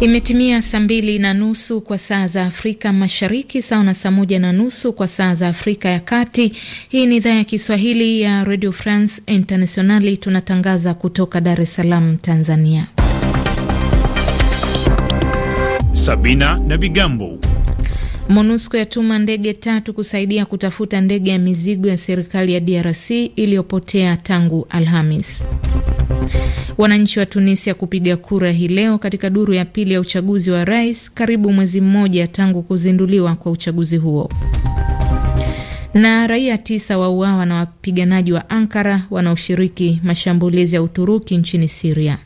Imetimia saa mbili na nusu kwa saa za Afrika Mashariki, sawa na saa moja na nusu kwa saa za Afrika ya Kati. Hii ni idhaa ya Kiswahili ya Radio France Internationali, tunatangaza kutoka Dar es Salaam, Tanzania. Sabina na Vigambo. MONUSCO yatuma ndege tatu kusaidia kutafuta ndege ya mizigo ya serikali ya DRC iliyopotea tangu Alhamis. Wananchi wa Tunisia kupiga kura hii leo katika duru ya pili ya uchaguzi wa rais, karibu mwezi mmoja tangu kuzinduliwa kwa uchaguzi huo. Na raia tisa wauawa na wapiganaji wa Ankara wanaoshiriki mashambulizi ya Uturuki nchini Siria.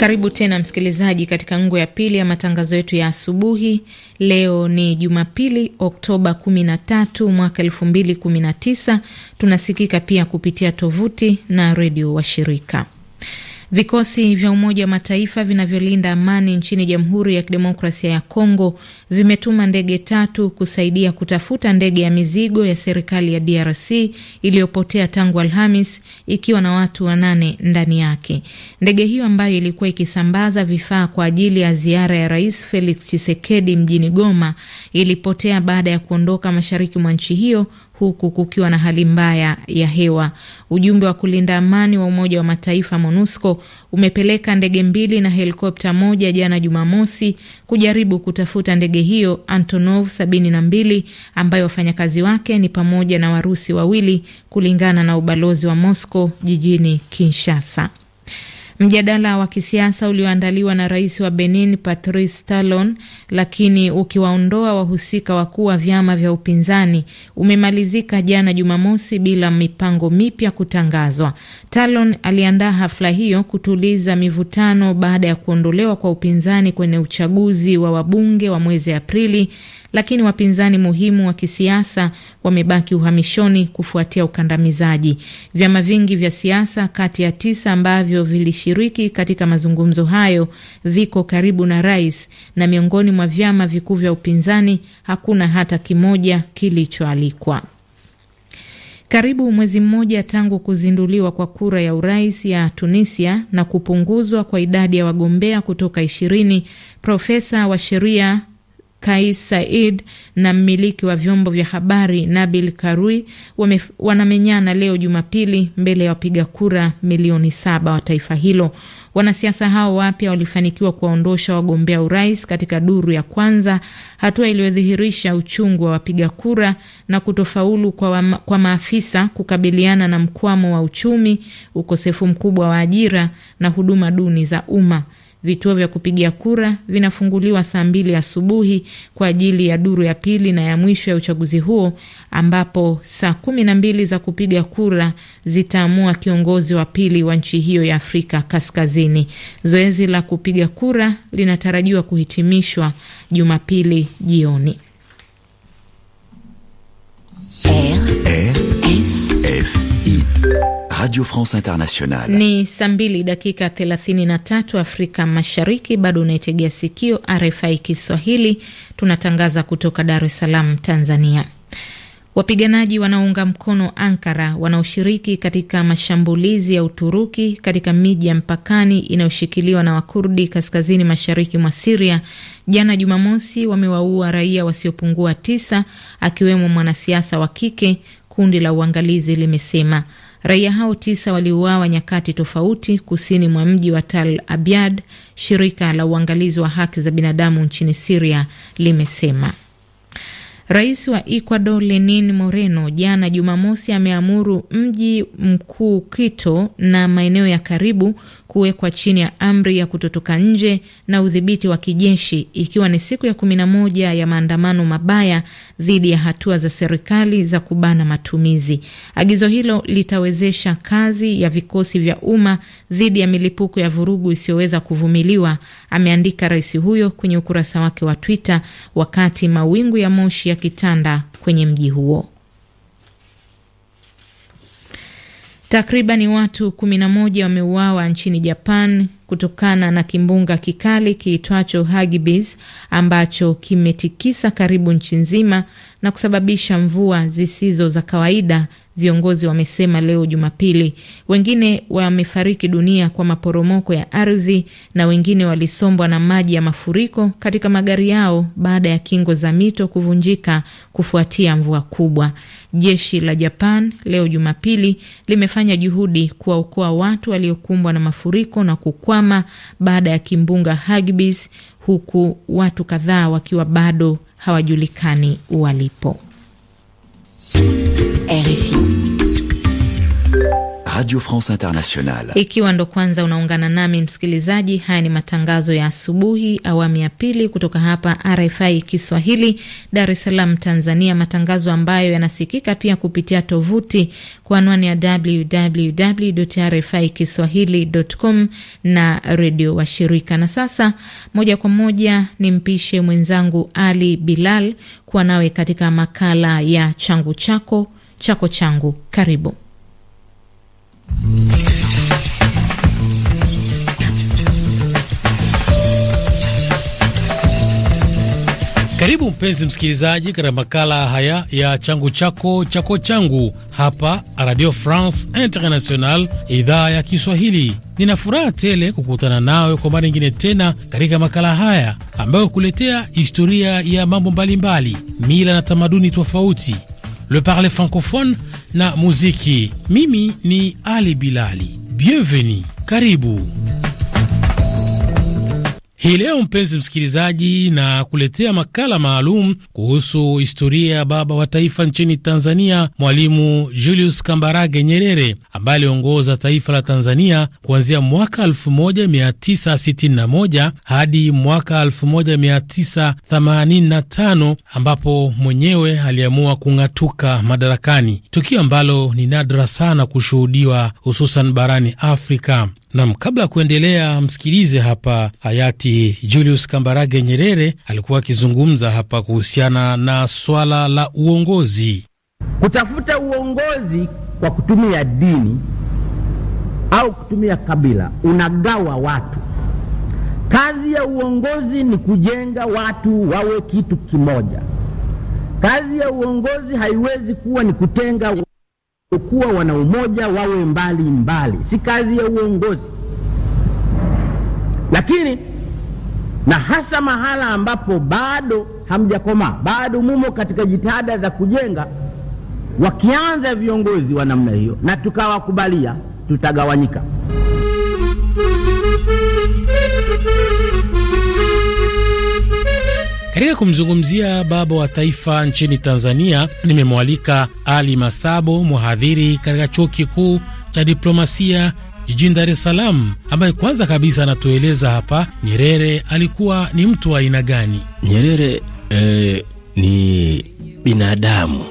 Karibu tena msikilizaji, katika ngo ya pili ya matangazo yetu ya asubuhi. Leo ni Jumapili, Oktoba 13 mwaka 2019. Tunasikika pia kupitia tovuti na redio washirika. Vikosi vya Umoja wa Mataifa vinavyolinda amani nchini Jamhuri ya Kidemokrasia ya Kongo vimetuma ndege tatu kusaidia kutafuta ndege ya mizigo ya serikali ya DRC iliyopotea tangu Alhamis ikiwa na watu wanane ndani yake. Ndege hiyo ambayo ilikuwa ikisambaza vifaa kwa ajili ya ziara ya Rais Felix Tshisekedi mjini Goma ilipotea baada ya kuondoka mashariki mwa nchi hiyo huku kukiwa na hali mbaya ya hewa. Ujumbe wa kulinda amani wa Umoja wa Mataifa MONUSCO umepeleka ndege mbili na helikopta moja jana Jumamosi kujaribu kutafuta ndege hiyo Antonov 72 ambayo wafanyakazi wake ni pamoja na Warusi wawili kulingana na ubalozi wa Moscow jijini Kinshasa. Mjadala wa kisiasa ulioandaliwa na rais wa Benin Patrice Talon, lakini ukiwaondoa wahusika wakuu wa vyama vya upinzani umemalizika jana Jumamosi bila mipango mipya kutangazwa. Talon aliandaa hafla hiyo kutuliza mivutano baada ya kuondolewa kwa upinzani kwenye uchaguzi wa wabunge wa mwezi Aprili, lakini wapinzani muhimu wa kisiasa wamebaki uhamishoni kufuatia ukandamizaji. Vyama vingi vya siasa kati ya tisa ambavyo vilishi vilivyoshiriki katika mazungumzo hayo viko karibu na rais, na miongoni mwa vyama vikuu vya upinzani hakuna hata kimoja kilichoalikwa. Karibu mwezi mmoja tangu kuzinduliwa kwa kura ya urais ya Tunisia na kupunguzwa kwa idadi ya wagombea kutoka ishirini, profesa wa sheria Kais Said na mmiliki wa vyombo vya habari Nabil Karui wame, wanamenyana leo Jumapili mbele ya wapiga kura milioni saba wa taifa hilo. Wanasiasa hao wapya walifanikiwa kuwaondosha wagombea urais katika duru ya kwanza, hatua iliyodhihirisha uchungu wa wapiga kura na kutofaulu kwa, wama, kwa maafisa kukabiliana na mkwamo wa uchumi, ukosefu mkubwa wa ajira na huduma duni za umma. Vituo vya kupigia kura vinafunguliwa saa mbili asubuhi kwa ajili ya duru ya pili na ya mwisho ya uchaguzi huo, ambapo saa kumi na mbili za kupiga kura zitaamua kiongozi wa pili wa nchi hiyo ya Afrika Kaskazini. Zoezi la kupiga kura linatarajiwa kuhitimishwa Jumapili jioni. Radio France International. Ni saa mbili dakika 33 Afrika Mashariki. Bado unaitegea sikio RFI Kiswahili, tunatangaza kutoka Dar es Salaam, Tanzania. Wapiganaji wanaounga mkono Ankara wanaoshiriki katika mashambulizi ya Uturuki katika miji ya mpakani inayoshikiliwa na Wakurdi kaskazini mashariki mwa Siria jana Jumamosi wamewaua raia wasiopungua tisa akiwemo mwanasiasa wa kike, kundi la uangalizi limesema. Raia hao tisa waliuawa nyakati tofauti kusini mwa mji wa Tal Abyad, shirika la uangalizi wa haki za binadamu nchini Siria limesema. Rais wa Ecuador Lenin Moreno jana Jumamosi ameamuru mji mkuu Quito na maeneo ya karibu kuwekwa chini ya amri ya kutotoka nje na udhibiti wa kijeshi, ikiwa ni siku ya kumi na moja ya maandamano mabaya dhidi ya hatua za serikali za kubana matumizi. Agizo hilo litawezesha kazi ya vikosi vya umma dhidi ya milipuko ya vurugu isiyoweza kuvumiliwa, ameandika rais huyo kwenye ukurasa wake wa Twitter, wakati mawingu ya moshi yakitanda kwenye mji huo. Takriban watu kumi na moja wameuawa nchini Japan kutokana na kimbunga kikali kiitwacho Hagibis ambacho kimetikisa karibu nchi nzima na kusababisha mvua zisizo za kawaida, viongozi wamesema leo Jumapili. Wengine wamefariki dunia kwa maporomoko ya ardhi na wengine walisombwa na maji ya mafuriko katika magari yao baada ya kingo za mito kuvunjika kufuatia mvua kubwa. Jeshi la Japan leo Jumapili limefanya juhudi kuwaokoa watu waliokumbwa na mafuriko na kukwa kuhama baada ya kimbunga Hagibis, huku watu kadhaa wakiwa bado hawajulikani walipo. RFI. Radio France Internationale. Ikiwa ndo kwanza unaungana nami msikilizaji, haya ni matangazo ya asubuhi awamu ya pili kutoka hapa RFI Kiswahili, Dar es Salaam, Tanzania, matangazo ambayo yanasikika pia kupitia tovuti kwa anwani ya kiswahilicom na redio washirika. Na sasa moja kwa moja ni mpishe mwenzangu Ali Bilal kuwa nawe katika makala ya changu chako chako changu. Karibu. Karibu mpenzi msikilizaji, katika makala haya ya changu chako chako changu hapa Radio France International, idhaa ya Kiswahili. Nina furaha tele kukutana nawe kwa mara nyingine tena katika makala haya ambayo kuletea historia ya mambo mbalimbali, mila na tamaduni tofauti le parler francophone na muziki. Mimi ni Ali Bilali, bienvenue, Caribou. Hii leo mpenzi msikilizaji, na kuletea makala maalum kuhusu historia ya baba wa taifa nchini Tanzania, Mwalimu Julius Kambarage Nyerere, ambaye aliongoza taifa la Tanzania kuanzia mwaka 1961 hadi mwaka 1985, ambapo mwenyewe aliamua kung'atuka madarakani, tukio ambalo ni nadra sana kushuhudiwa hususan barani Afrika. Nam, kabla ya kuendelea, msikilize hapa hayati Julius Kambarage Nyerere alikuwa akizungumza hapa kuhusiana na swala la uongozi. Kutafuta uongozi kwa kutumia dini au kutumia kabila unagawa watu. Kazi ya uongozi ni kujenga watu wawe kitu kimoja. Kazi ya uongozi haiwezi kuwa ni kutenga kuwa wana umoja wawe mbali mbali, si kazi ya uongozi. Lakini na hasa mahala ambapo bado hamjakomaa, bado mumo katika jitihada za kujenga, wakianza viongozi wa namna hiyo na tukawakubalia, tutagawanyika. Katika kumzungumzia baba wa taifa nchini Tanzania, nimemwalika Ali Masabo, mhadhiri katika chuo kikuu cha diplomasia jijini Dar es Salaam, ambaye kwanza kabisa anatueleza hapa Nyerere alikuwa ni mtu wa aina gani. Nyerere eh, ni binadamu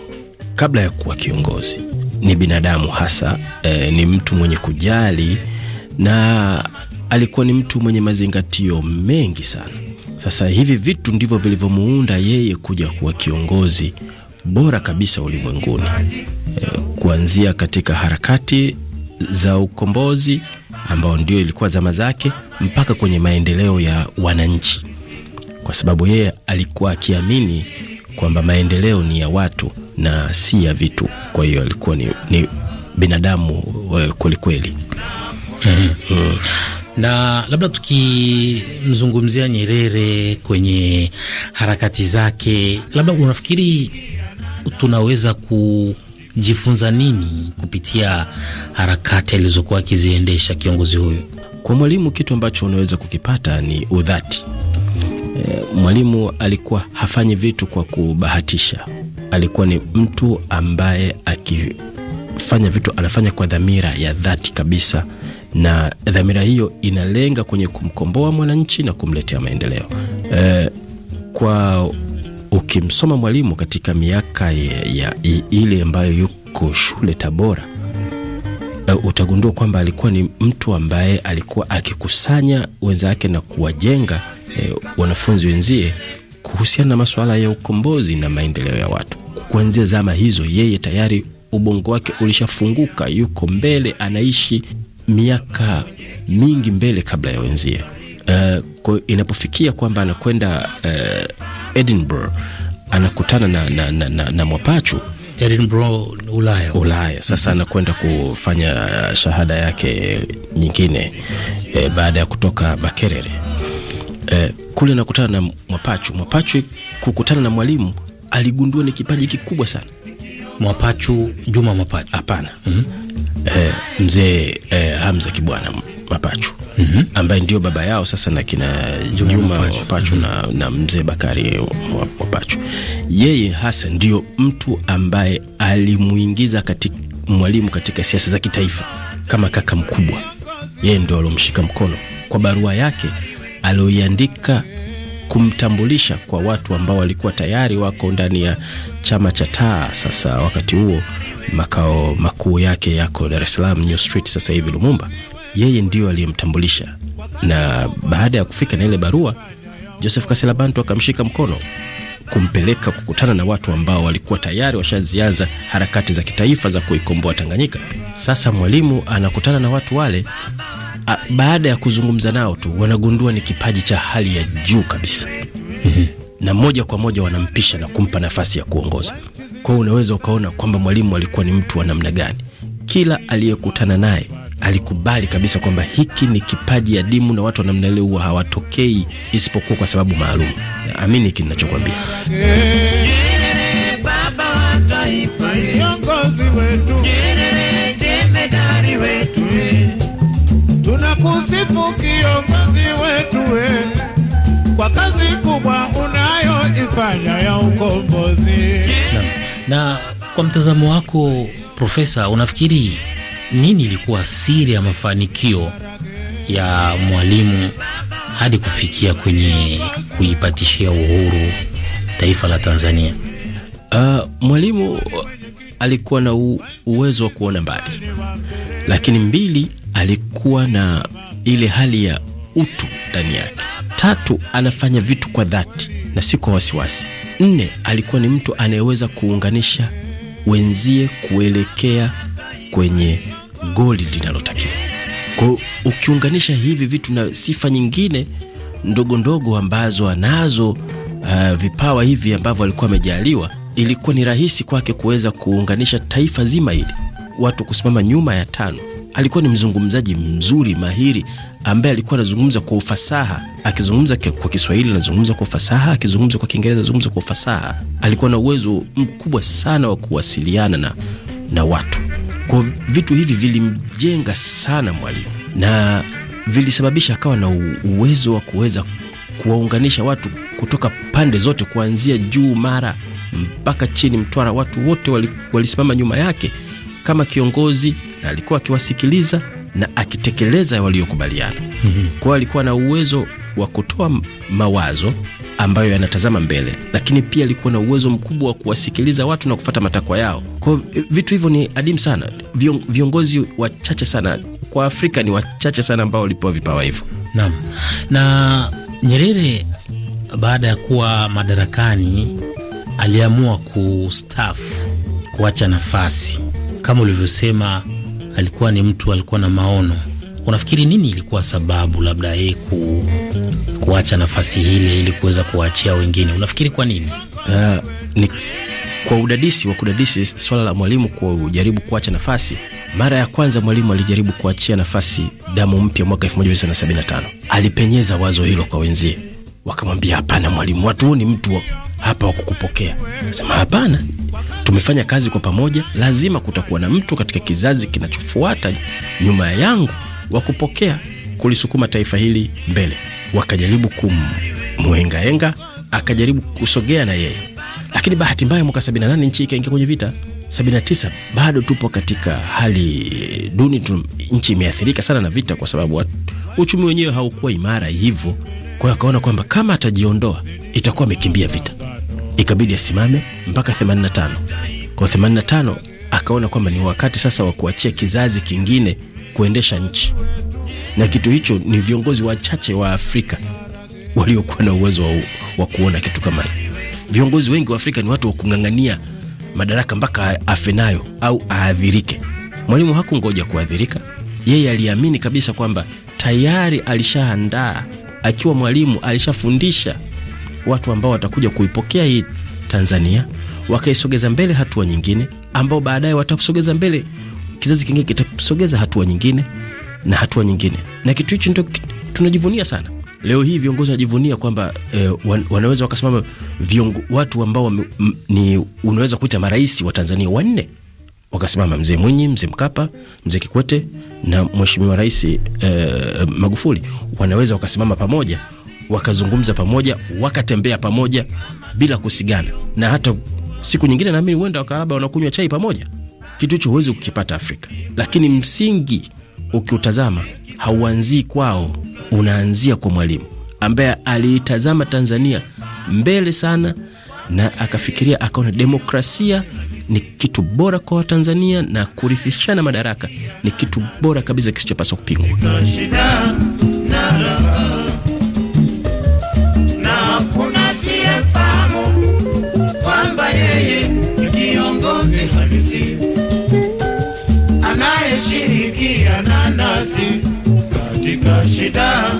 kabla ya kuwa kiongozi, ni binadamu hasa eh, ni mtu mwenye kujali na alikuwa ni mtu mwenye mazingatio mengi sana sasa hivi vitu ndivyo vilivyomuunda yeye kuja kuwa kiongozi bora kabisa ulimwenguni, eh, kuanzia katika harakati za ukombozi ambao ndio ilikuwa zama zake mpaka kwenye maendeleo ya wananchi, kwa sababu yeye alikuwa akiamini kwamba maendeleo ni ya watu na si ya vitu. Kwa hiyo alikuwa ni, ni binadamu kwelikweli. Eh, mm-hmm. mm -hmm. mm. Na labda tukimzungumzia Nyerere kwenye harakati zake, labda unafikiri tunaweza kujifunza nini kupitia harakati alizokuwa akiziendesha kiongozi huyu? Kwa Mwalimu, kitu ambacho unaweza kukipata ni udhati. E, Mwalimu alikuwa hafanyi vitu kwa kubahatisha. Alikuwa ni mtu ambaye akifanya vitu anafanya kwa dhamira ya dhati kabisa na dhamira hiyo inalenga kwenye kumkomboa mwananchi na kumletea maendeleo e, kwa ukimsoma Mwalimu katika miaka ya, ya, ile ambayo yuko shule Tabora e, utagundua kwamba alikuwa ni mtu ambaye alikuwa akikusanya wenzake na kuwajenga e, wanafunzi wenzie kuhusiana na masuala ya ukombozi na maendeleo ya watu. Kuanzia zama hizo, yeye tayari ubongo wake ulishafunguka, yuko mbele, anaishi miaka mingi mbele kabla ya wenzie. Uh, kwa inapofikia kwamba anakwenda uh, Edinburgh anakutana na, na, na, na, na Mwapachu Edinburgh, Ulaya. Ulaya sasa mhm. anakwenda kufanya shahada yake nyingine eh, baada ya kutoka Makerere eh, kule anakutana na Mwapachu. Mwapachu kukutana na mwalimu aligundua ni kipaji kikubwa sana Mwapachu Juma Mwapachu? Hapana. mm -hmm. Eh, mzee eh, Hamza Kibwana Mapachu mm -hmm. ambaye ndio baba yao sasa na kina Juma, Juma Mapachu mm -hmm. na, mhm. na mzee Bakari Mapachu, yeye hasa ndio mtu ambaye alimuingiza katika Mwalimu katika siasa za kitaifa kama kaka mkubwa. Yeye ndio alomshika mkono kwa barua yake aliyoiandika kumtambulisha kwa watu ambao walikuwa tayari wako ndani ya chama cha TAA. Sasa wakati huo makao makuu yake yako Dar es Salaam New Street, sasa hivi Lumumba, yeye ndio aliyemtambulisha, na baada ya kufika na ile barua, Joseph Kasela akamshika mkono kumpeleka kukutana na watu ambao walikuwa tayari washazianza harakati za kitaifa za kuikomboa Tanganyika. Sasa Mwalimu anakutana na watu wale a, ah, baada ya kuzungumza nao tu wanagundua ni kipaji cha hali ya juu kabisa mm -hmm. na moja kwa moja wanampisha na kumpa nafasi ya kuongoza. Kwa hiyo unaweza ukaona kwamba Mwalimu alikuwa ni mtu wa namna gani. Kila aliyekutana naye alikubali kabisa kwamba hiki ni kipaji adimu na watu wa namna ile huwa hawatokei isipokuwa kwa sababu maalum. Amini hiki ninachokwambia. Baba wa taifa, kiongozi wetu kwa kazi kubwa unayoifanya ya ukombozi. Na, na kwa mtazamo wako Profesa, unafikiri nini ilikuwa siri ya mafanikio ya Mwalimu hadi kufikia kwenye kuipatishia uhuru taifa la Tanzania? Uh, Mwalimu alikuwa na uwezo wa kuona mbali, lakini mbili, alikuwa na ile hali ya utu ndani yake Tatu, anafanya vitu kwa dhati na si kwa wasiwasi. Nne, alikuwa ni mtu anayeweza kuunganisha wenzie kuelekea kwenye goli linalotakiwa. Kwa ukiunganisha hivi vitu na sifa nyingine ndogo ndogo ambazo anazo, uh, vipawa hivi ambavyo alikuwa amejaliwa, ilikuwa ni rahisi kwake kuweza kuunganisha taifa zima hili, watu kusimama nyuma ya tano alikuwa ni mzungumzaji mzuri mahiri, ambaye alikuwa anazungumza kwa ufasaha. Akizungumza kwa Kiswahili anazungumza kwa ufasaha, akizungumza kwa Kiingereza anazungumza kwa ufasaha. Alikuwa na uwezo mkubwa sana wa kuwasiliana na, na watu. Kwa vitu hivi vilimjenga sana Mwalimu na vilisababisha akawa na uwezo wa kuweza kuwaunganisha watu kutoka pande zote, kuanzia juu Mara mpaka chini Mtwara. Watu wote walisimama nyuma yake kama kiongozi na alikuwa akiwasikiliza na akitekeleza waliokubaliana. mm -hmm. Kwao alikuwa na uwezo wa kutoa mawazo ambayo yanatazama mbele, lakini pia alikuwa na uwezo mkubwa wa kuwasikiliza watu na kufata matakwa yao. Kwa eh, vitu hivyo ni adimu sana, viongozi wachache sana kwa Afrika ni wachache sana ambao walipewa vipawa hivyo. Naam, na Nyerere baada ya kuwa madarakani aliamua kustaafu, kuacha nafasi kama ulivyosema alikuwa ni mtu alikuwa na maono. Unafikiri nini ilikuwa sababu labda yeye ku, kuacha nafasi hile ili kuweza kuwaachia wengine? Unafikiri kwa nini? Uh, ni kwa udadisi wa kudadisi swala la mwalimu kujaribu kuacha nafasi. Mara ya kwanza mwalimu alijaribu kuachia nafasi damu mpya mwaka 1975 alipenyeza wazo hilo kwa wenzie, wakamwambia hapana, mwalimu, watu huu ni mtu hapa wakukupokea. Sema hapana, tumefanya kazi kwa pamoja, lazima kutakuwa na mtu katika kizazi kinachofuata nyuma yangu wa kupokea kulisukuma taifa hili mbele. Wakajaribu kumuengaenga, akajaribu kusogea na yeye, lakini bahati mbaya mwaka 78 nchi ikaingia kwenye vita 79 bado tupo katika hali duni tu. Nchi imeathirika sana na vita, kwa sababu uchumi wenyewe haukuwa imara hivyo. Kwa hiyo akaona kwamba kama atajiondoa itakuwa amekimbia vita ikabidi asimame mpaka 85. Kwa 85 akaona kwamba ni wakati sasa wa kuachia kizazi kingine kuendesha nchi, na kitu hicho ni viongozi wachache wa Afrika waliokuwa na uwezo wa, wa kuona kitu kama hii. Viongozi wengi wa Afrika ni watu wa kung'ang'ania madaraka mpaka afe nayo au aadhirike. Mwalimu hakungoja kuadhirika, yeye aliamini kabisa kwamba tayari alishaandaa akiwa mwalimu, alishafundisha watu ambao watakuja kuipokea hii Tanzania wakaisogeza mbele hatua nyingine, ambao baadaye watasogeza mbele, kizazi kingine kitasogeza hatua nyingine na hatua nyingine, na kitu hicho ndio tunajivunia sana. Leo hii viongozi wanajivunia kwamba e, wan, wanaweza wakasimama viongo, watu ambao wame, m, ni unaweza kuita marais wa Tanzania wanne wakasimama mzee Mwinyi, mzee Mkapa, mzee Kikwete na mheshimiwa rais e, Magufuli, wanaweza wakasimama pamoja wakazungumza pamoja, wakatembea pamoja bila kusigana, na hata siku nyingine naamini huenda wakalaba wanakunywa chai pamoja, kitu hicho huwezi kukipata Afrika. Lakini msingi ukiutazama hauanzii kwao, unaanzia kwa Mwalimu ambaye aliitazama Tanzania mbele sana na akafikiria akaona demokrasia ni kitu bora kwa Watanzania na kurifishana madaraka ni kitu bora kabisa kisichopaswa kupingwa. mpenzi halisi anayeshirikiana nasi katika shida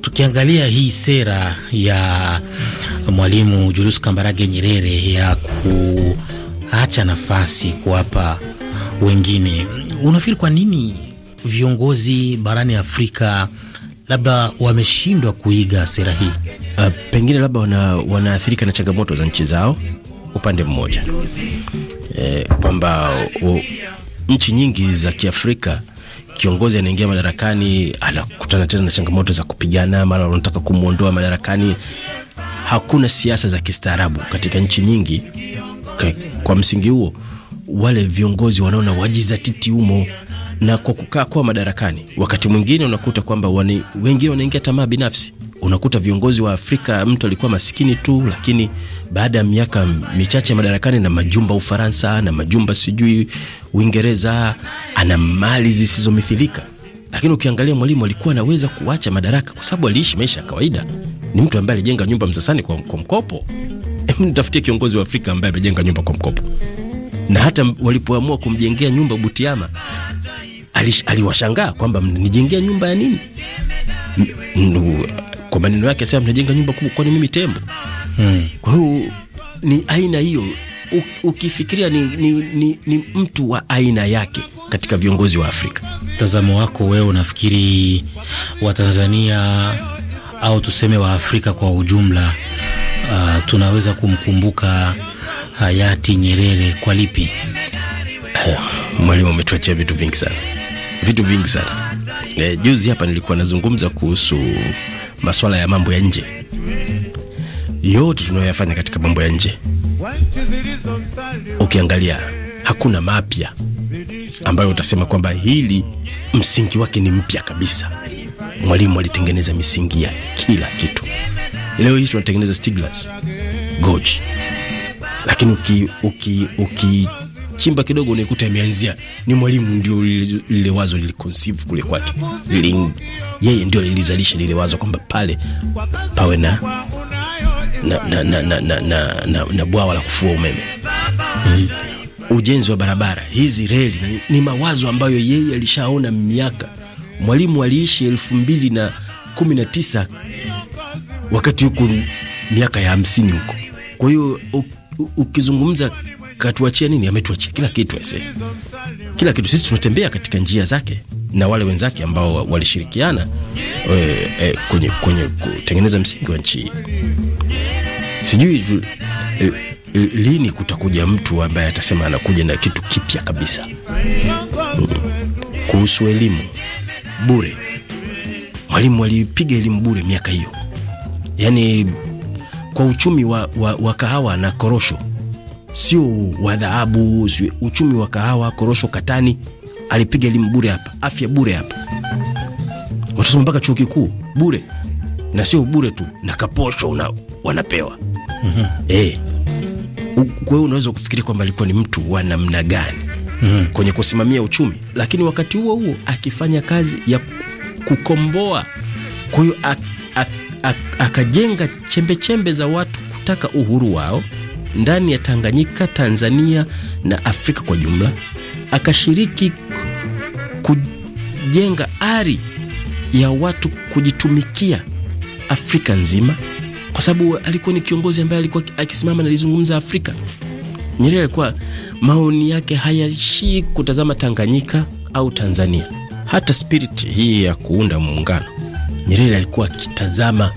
Tukiangalia hii sera ya Mwalimu Julius Kambarage Nyerere ya kuacha nafasi kuwapa wengine, unafikiri kwa nini viongozi barani Afrika labda wameshindwa kuiga sera hii? Uh, pengine labda wana, wanaathirika na changamoto za nchi zao upande mmoja, e, kwamba nchi nyingi za Kiafrika kiongozi anaingia madarakani anakutana tena na changamoto za kupigana, mara wanataka kumwondoa madarakani. Hakuna siasa za kistaarabu katika nchi nyingi. Kwa msingi huo, wale viongozi wanaona wajizatiti humo na kwa kukaa kwa madarakani, wakati mwingine unakuta kwamba wengine wanaingia tamaa binafsi unakuta viongozi wa Afrika, mtu alikuwa masikini tu, lakini baada ya miaka michache madarakani, na majumba Ufaransa na majumba sijui Uingereza, ana mali zisizomithilika. Lakini ukiangalia Mwalimu alikuwa anaweza kuacha madaraka kwa sababu aliishi maisha ya kawaida. Ni mtu ambaye alijenga nyumba Msasani kwa, kwa mkopo. Hebu Nitafutie kiongozi wa Afrika ambaye amejenga nyumba kwa mkopo, na hata walipoamua kumjengea nyumba Butiama aliwashangaa kwamba mnijengea nyumba ya nini? Kwa maneno yake sasa, mnajenga nyumba kubwa, kwani mimi tembo? Hmm. Kwa hiyo ni aina hiyo ukifikiria ni, ni, ni, ni mtu wa aina yake katika viongozi wa Afrika. Mtazamo wako wewe, unafikiri Watanzania au tuseme wa Afrika kwa ujumla, uh, tunaweza kumkumbuka hayati Nyerere kwa lipi? Mwalimu, umetuachia vitu vingi sana, vitu vingi sana. E, juzi hapa nilikuwa nazungumza kuhusu masuala ya mambo ya nje, yote tunayoyafanya katika mambo ya nje, ukiangalia hakuna mapya ambayo utasema kwamba hili msingi wake ni mpya kabisa. Mwalimu alitengeneza misingi ya kila kitu. Leo hii tunatengeneza Stiglas Gorgi, lakini uki, uki, uki chimba kidogo unaikuta imeanzia ni mwalimu ndio lile wazo lilikonseive kule kwake, yeye ndio lilizalisha lile wazo kwamba pale pawe na na, na, na, na, na, na, na, na bwawa la kufua umeme mm. Ujenzi wa barabara hizi reli ni, ni mawazo ambayo yeye alishaona miaka. Mwalimu aliishi elfu mbili na kumi na tisa wakati huko miaka ya hamsini huko. Kwa hiyo ukizungumza katuachia nini? Ametuachia kila kitu ese, kila kitu. Sisi tunatembea katika njia zake na wale wenzake ambao walishirikiana e, e, kwenye, kwenye kutengeneza msingi wa nchi. Sijui e, lini kutakuja mtu ambaye atasema anakuja na kitu kipya kabisa kuhusu elimu bure. Mwalimu alipiga elimu bure miaka hiyo, yaani kwa uchumi wa, wa, wa kahawa na korosho sio wa dhahabu, uchumi wa kahawa, korosho katani. Alipiga elimu bure hapa, afya bure hapa, watasoma mpaka chuo kikuu bure, na sio bure tu, na kaposho una, wanapewa mm -hmm. Eh, kwa hiyo unaweza kufikiria kwamba alikuwa ni mtu wa namna gani mm -hmm. kwenye kusimamia uchumi, lakini wakati huo huo akifanya kazi ya kukomboa. Kwa hiyo akajenga chembechembe za watu kutaka uhuru wao ndani ya Tanganyika, Tanzania na Afrika kwa jumla, akashiriki kujenga ari ya watu kujitumikia Afrika nzima, kwa sababu alikuwa ni kiongozi ambaye alikuwa akisimama na Afrika. Nyerere alikuwa maoni yake hayaishii kutazama Tanganyika au Tanzania. Hata spiriti hii ya kuunda muungano, Nyerere alikuwa akitazama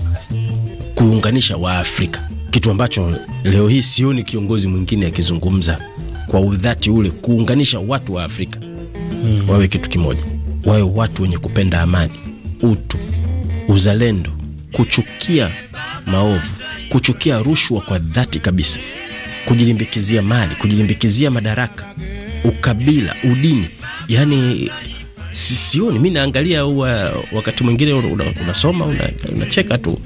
kuunganisha Waafrika kitu ambacho leo hii sioni kiongozi mwingine akizungumza kwa udhati ule kuunganisha watu wa Afrika mm. wawe kitu kimoja, wawe watu wenye kupenda amani, utu, uzalendo, kuchukia maovu, kuchukia rushwa kwa dhati kabisa, kujilimbikizia mali, kujilimbikizia madaraka, ukabila, udini, yani sioni. Mi naangalia wakati mwingine unasoma una, unacheka tu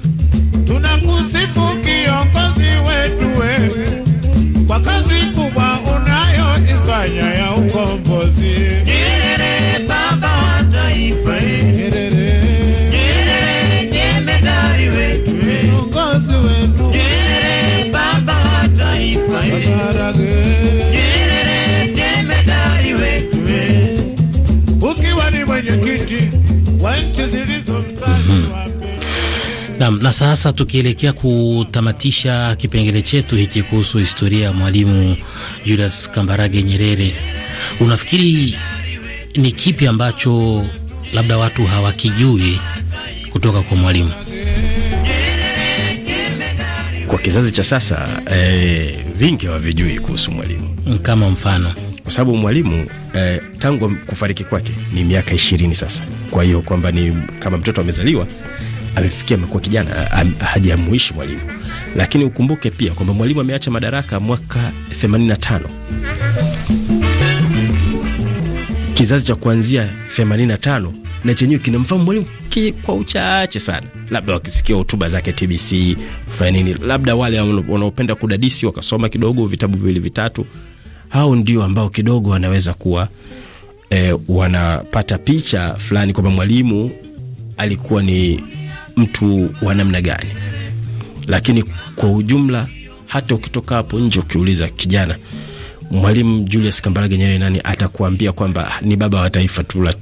Naam, na sasa tukielekea kutamatisha kipengele chetu hiki kuhusu historia ya Mwalimu Julius Kambarage Nyerere, unafikiri ni kipi ambacho labda watu hawakijui kutoka kwa mwalimu? Kwa kizazi cha sasa Eh, vingi hawavijui kuhusu mwalimu. Kama mfano, kwa sababu mwalimu eh, tangu kufariki kwake ni miaka ishirini sasa. Kwa hiyo kwamba ni kama mtoto amezaliwa amefikia amekuwa kijana hajamuishi Mwalimu, lakini ukumbuke pia kwamba Mwalimu ameacha madaraka mwaka 85 kizazi cha kuanzia 85 na chenyewe kinamfahamu Mwalimu kwa uchache sana, labda wakisikia hotuba zake TBC fanya nini, labda wale wanaopenda kudadisi wakasoma kidogo vitabu viwili vitatu, hao ndio ambao kidogo wanaweza kuwa e, wanapata picha fulani kwamba Mwalimu alikuwa ni mtu wa namna gani. Lakini kwa ujumla, hata ukitoka hapo nje ukiuliza kijana Mwalimu Julius Kambarage Nyerere nani, atakuambia kwamba ni baba wa taifa tu la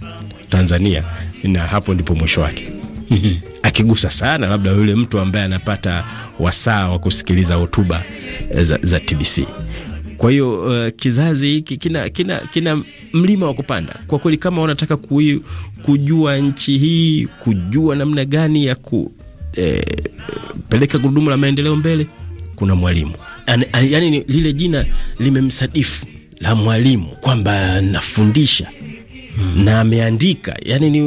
Tanzania, na hapo ndipo mwisho wake. Akigusa sana labda yule mtu ambaye anapata wasaa wa kusikiliza hotuba za, za TBC. Kwa hiyo uh, kizazi hiki kina, kina, kina mlima wa kupanda kwa kweli. Kama wanataka kui, kujua nchi hii, kujua namna gani ya kupeleka eh, gurudumu la maendeleo mbele, kuna Mwalimu. Yaani lile jina limemsadifu la Mwalimu kwamba nafundisha hmm, na ameandika. Yani ni,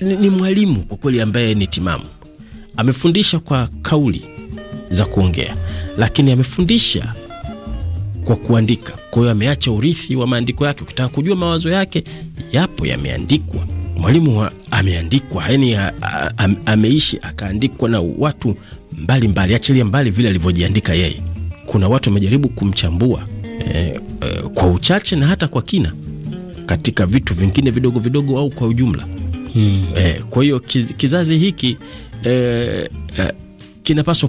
ni, ni mwalimu kwa kweli ambaye ni timamu, amefundisha kwa kauli za kuongea, lakini amefundisha kwa kuandika. Kwa hiyo ameacha urithi wa maandiko yake. Ukitaka kujua mawazo yake, yapo yameandikwa. Mwalimu ameandikwa, yani ameishi akaandikwa na watu mbalimbali, achilia mbali vile alivyojiandika yeye. Kuna watu wamejaribu kumchambua e, e, kwa uchache na hata kwa kina katika vitu vingine vidogo vidogo au kwa ujumla hmm. E, kwa hiyo kiz, kizazi hiki e, e, kinapaswa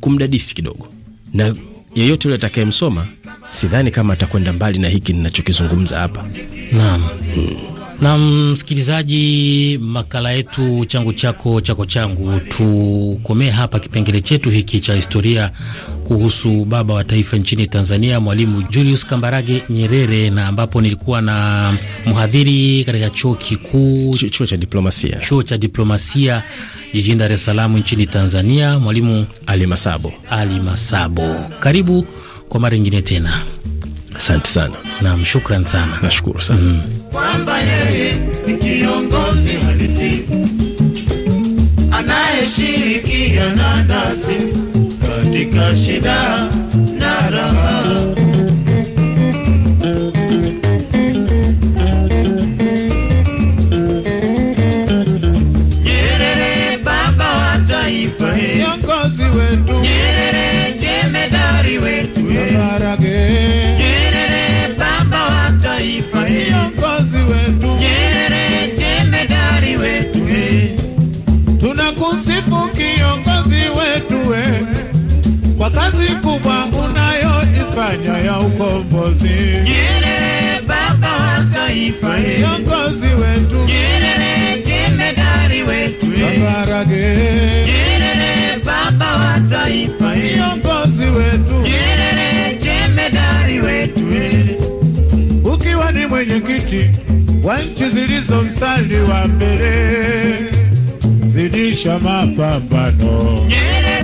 kumdadisi kidogo, na yeyote yule atakayemsoma sidhani kama atakwenda mbali na hiki ninachokizungumza hapa. Naam. Hmm. Na msikilizaji, makala yetu changu chako chako changu, tukomee hapa kipengele chetu hiki cha historia kuhusu baba wa taifa nchini Tanzania, Mwalimu Julius Kambarage Nyerere, na ambapo nilikuwa na mhadhiri katika chuo kikuu chuo cha diplomasia, chuo cha diplomasia jijini Dar es Salaam nchini Tanzania, Mwalimu Ali Masabo. Ali Masabo, karibu kwa mara nyingine tena. Asante sana. Naam, shukran sana. Nashukuru sana mm. kwamba yeye ni kiongozi halisi anayeshirikiana nasi katika shida chanya ya ukombozi. Nyerere baba wa taifa, viongozi wetu. Nyerere jemedari wetu, Maharage. Nyerere baba wa taifa, viongozi wetu. Nyerere jemedari wetu, ukiwa ni mwenyekiti wa nchi zilizo mstari wa mbele, zidisha mapambano. Nyerere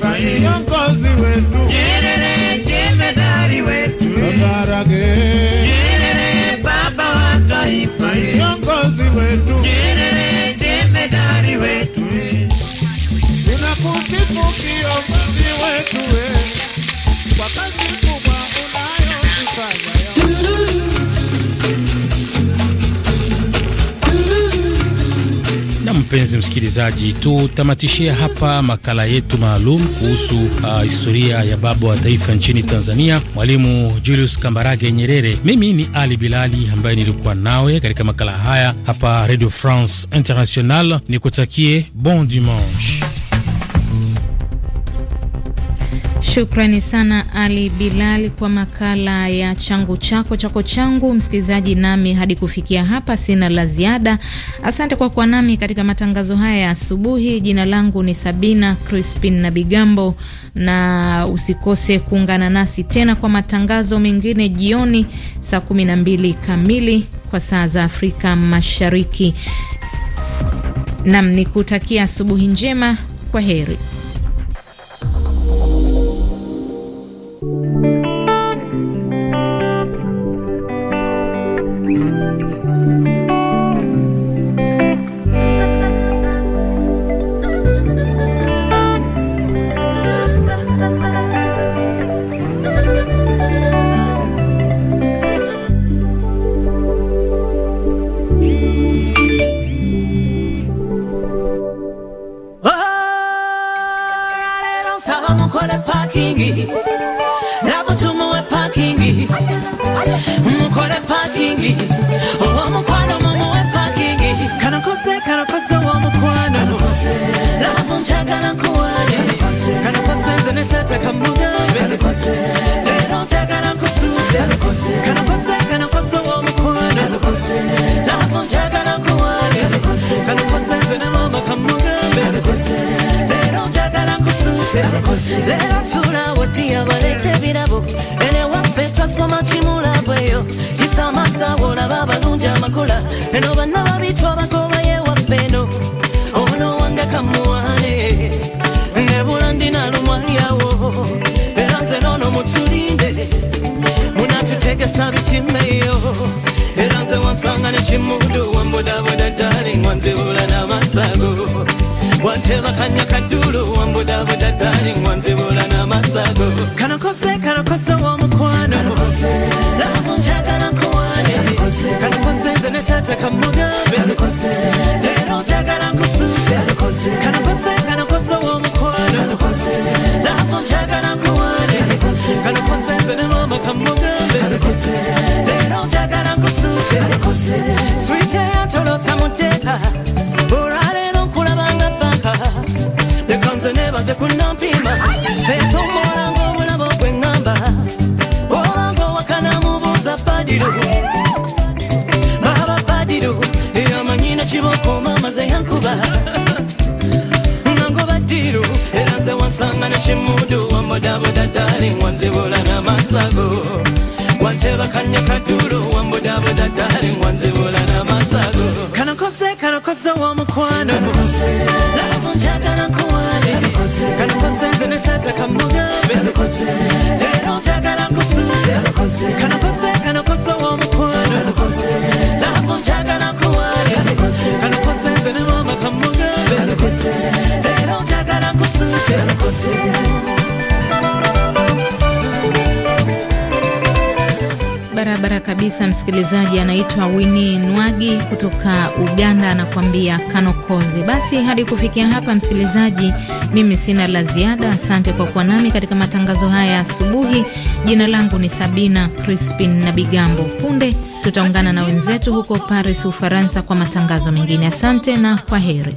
vanyongozi wetu Nyerere jemedari wetu Otarage Nyerere baba wa taifa vanyongozi wetu Nyerere jemedari wetu Tunakusifu kiongozi wetu we kwa kazi mpenzi msikilizaji, tutamatishia hapa makala yetu maalum kuhusu uh, historia ya baba wa taifa nchini Tanzania, Mwalimu Julius Kambarage Nyerere. Mimi ni Ali Bilali ambaye nilikuwa nawe katika makala haya hapa Radio France International. Nikutakie bon dimanche. Shukrani sana Ali Bilal kwa makala ya changu chako chako changu. Msikilizaji, nami hadi kufikia hapa sina la ziada. Asante kwa kuwa nami katika matangazo haya ya asubuhi. Jina langu ni Sabina Crispin na Bigambo, na usikose kuungana nasi tena kwa matangazo mengine jioni saa 12 kamili kwa saa za Afrika Mashariki. Nam ni kutakia asubuhi njema, kwa heri. Saba mukole pakingi labo tumuwe pakingi mukole pakingi owomukwano oh, mumuwe pakingi kanokose kanokose womukwano labo njagala nkuwane kanokose nze netata kamuga lero njagala nkusuze bakoze leero tulawotiya baleete ebirabo ene twasoma kimulabo eyo isa amaaso olaba abalungi amakula eno banna abagoba ye waffe eno ono wange kamuwane nebula ndinalumwalyawo era nze noono mutulinde munatutegesa bitimeyo era nze wansanga nekimundu wambodaboda ddali ngwanzibula n'amasago wantebakanyakaddu kanakose kanakose wo mukwano ntabwo njagala nkuwane kanakose nze necyaza kamugambe rero njagala nkusute kanakose kanakose wo mukwano ntabwo njagala nkuwane kanakose nze ne mama kamugambe rero njagala nkusute swite yatolosa emmundu wamudaboda darling wanzibula n'amasago watebakanya kadulu wamudaboda darling wanzibula n'amasago kanokoze kanokoze w'omukwano kabisa msikilizaji anaitwa wini Nwagi kutoka Uganda, anakuambia kanokoze. Basi hadi kufikia hapa, msikilizaji, mimi sina la ziada. Asante kwa kuwa nami katika matangazo haya asubuhi. Jina langu ni Sabina Crispin na Bigambo. Punde tutaungana na wenzetu huko Paris, Ufaransa, kwa matangazo mengine. Asante na kwa heri.